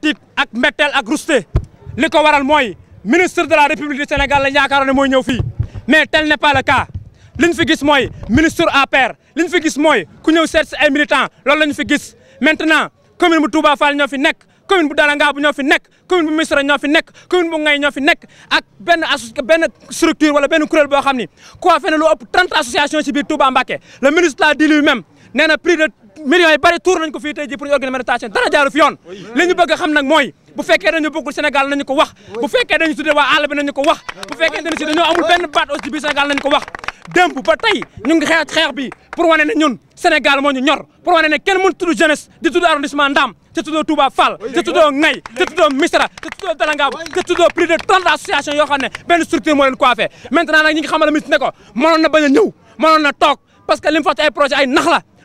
tiit ak mbetteel ak rusté liko waral moy ministre de la république du Sénégal la yaakaaroon moy mooy fi mais tel n'est pas le cas liñ fi gis moy ministre à pair. liñ fi gis moy ku ñëw seet ay militants loolu lañ fi gis maintenant commune bu Touba Fall ñofi nek commune bu Dalanga bu ñofi nek commune bu Missirah ñofi nek commune bu Ngay ñofi nek ak ben asso benn structure wala ben kuréel bo xamni quoi fait ne lu ëpp 30 associations ci biir Touba Mbacké le ministre l'a dit lui-même néna na plus de millions yi bari tuur nañ ko fii tey ji pour organisation dara jaaru fi ñu bëgg xam nag mooy bu fekkee dañu bëggul Sénégal nañu ko wax bu fekkee dañu tuddee waa àll bi nañu ko wax bu fekkee dañu si dañoo amul benn baat aussi biir nañu ko wax démb ba tey ñu ngi xeex xeex bi pour wane ne ñun Sénégal moo ñu ñor pour wane ne kenn mënu tudd jeunesse di tudd arrondissement Ndam te tuddoo Touba Fall te tuddoo Ngay te tuddoo Misra te yoo xam ne benn structure moo leen a projet ay nax la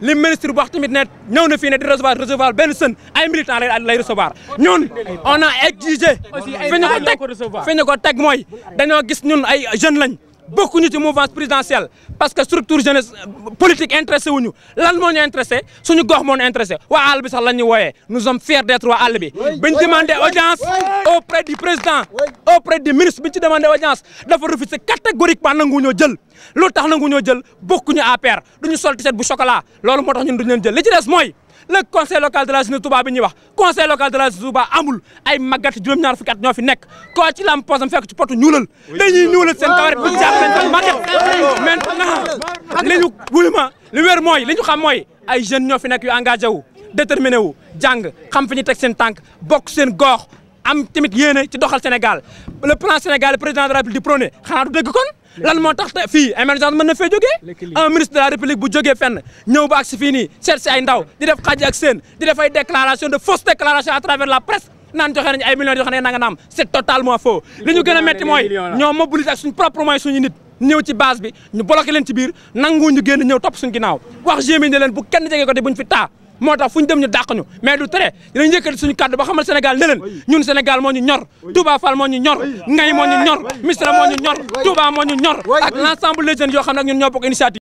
li ministre wax tamit ne ñëw na fii ne di recevoir recevoir benn sën ay milit lay lay recevoir ñun on a exigé fi ñu ko teg fi ñu ko teg mooy dañoo gis ñun ay jeunes lañ Beaucoup de mouvements présidentielle parce que structure jeunesse politique est intéressée. l'Allemagne sommes ñu intéressé suñu gox intéressé nous sommes fiers d'être à Nous Nous audience auprès du président auprès du ministre Nous demandons demandé audience nous refusé catégoriquement que nous jël loolu tax Nous devons jël Nous APR duñu chocolat Nous avons tax ñun le conseil local de la jeunesse Touba conseil local de la jeunesse Touba amul ay magat juróom-ñaar fukki ñoo fi ci lam posam fekk ci potu ñuulal dañuy ñuulal seen bu maintenant li ñu wuluma li wër moy li xam moy ay jeune ñoo fi yu engagé wu déterminé wu xam fi gox am tamit Sénégal le le président de la République le président de la République, kon. lan de la République, le président un ministre de la République bu président de la déclaration de fausse déclaration à travers la presse président c'est totalement faux. République, le président de la mobiliser propre moyen suñu nit. la ci base bi de moo tax fu dem ñu dàq ñu mais du tere dinañ yëkkati suñu kàddu ba xamal Sénégal ne leen ñun Sénégal moo ñu ñor Touba Fall moo ñu ñor Ngay moo ñu ñor Missirah moo ñu ñor Touba moo ñu ñor ak l'ensemble des yoo xam ne ñun ñoo bokk initiative